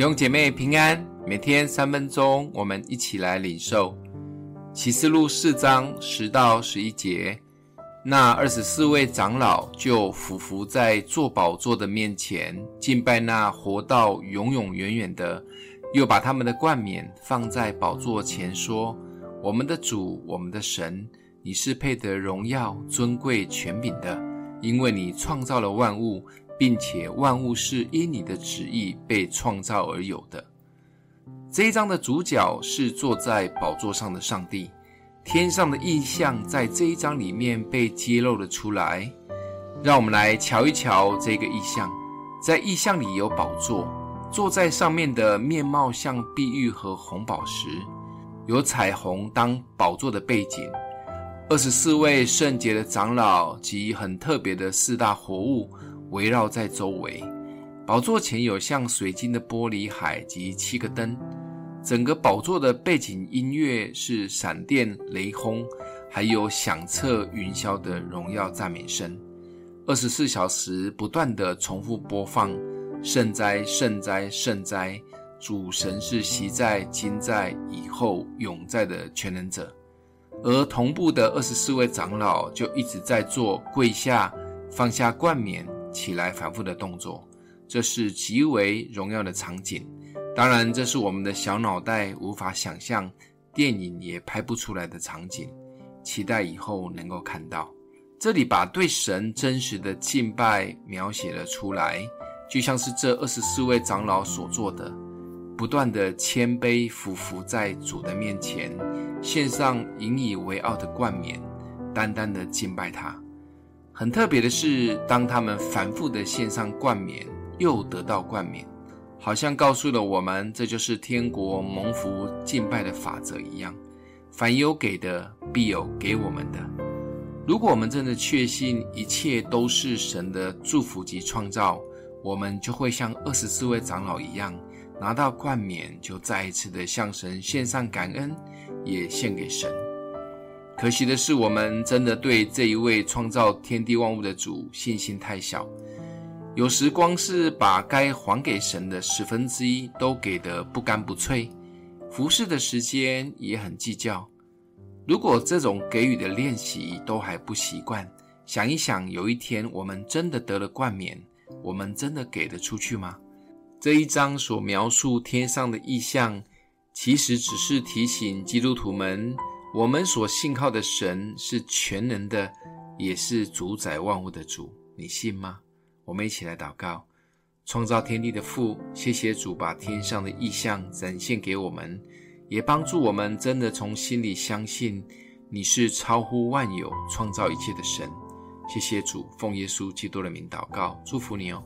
弟兄姐妹平安，每天三分鐘，我們一起來領受啟示錄四章十到十一節。那二十四位長老就俯伏在坐寶座的面前敬拜那活到永永遠遠的，又把他們的冠冕放在寶座前，說：“我們的主，我們的神，你是配得榮耀尊貴權柄的，因為你創造了萬物。”並且萬物是因你的旨意被創造而有的。這一章的主角是坐在寶座上的上帝，天上的異象在這一章裡面被揭露了出來。讓我們來瞧一瞧這個異象，在異象裡有寶座，坐在上面的面貌像碧玉和紅寶石，有彩虹當寶座的背景，二十四位聖潔的長老及很特別的四大活物。圍繞在周圍，寶座前有像水晶的玻璃海及七個燈，整個寶座的背景音樂是閃電雷轟，還有響徹雲霄的榮耀讚美聲，二十四小時不斷地重複播放：聖哉，聖哉，聖哉！主神是昔在、今在、以後永在的全能者，而同步的二十四位長老就一直在做跪下、放下冠冕。起來反覆的動作，這是極為榮耀的場景。當然，這是我們的小腦袋無法想象，電影也拍不出來的場景。期待以後能夠看到。這裡把對神真實的敬拜描寫了出來，就像是這二十四位長老所做的，不斷的謙卑俯伏在主的面前，獻上引以為傲的冠冕，單單的敬拜他。很特別的是，當他們反覆的獻上冠冕，又得到冠冕，好像告訴了我們，這就是天國蒙福敬拜的法則一樣。凡有給的，必有給我們的。如果我們真的確信一切都是神的祝福及創造，我們就會像二十四位長老一樣，拿到冠冕就再一次的向神獻上感恩，也獻給神。可惜的是，我們真的對這一位創造天地萬物的主信心太小。有時光是把該還給神的十分之一都給得不甘不脆，服侍的時間也很計較。如果這種給予的練習都還不習慣，想一想，有一天我們真的得了冠冕，我們真的給得出去嗎？這一章所描述天上的異象，其實只是提醒基督徒們。我們所信靠的神是全能的，也是主宰萬物的主，你信嗎？我們一起來禱告，創造天地的父，謝謝主把天上的異象展現給我們，也幫助我們真的從心裡相信你是超乎萬有、創造一切的神。謝謝主，奉耶穌基督的名禱告，祝福你哦。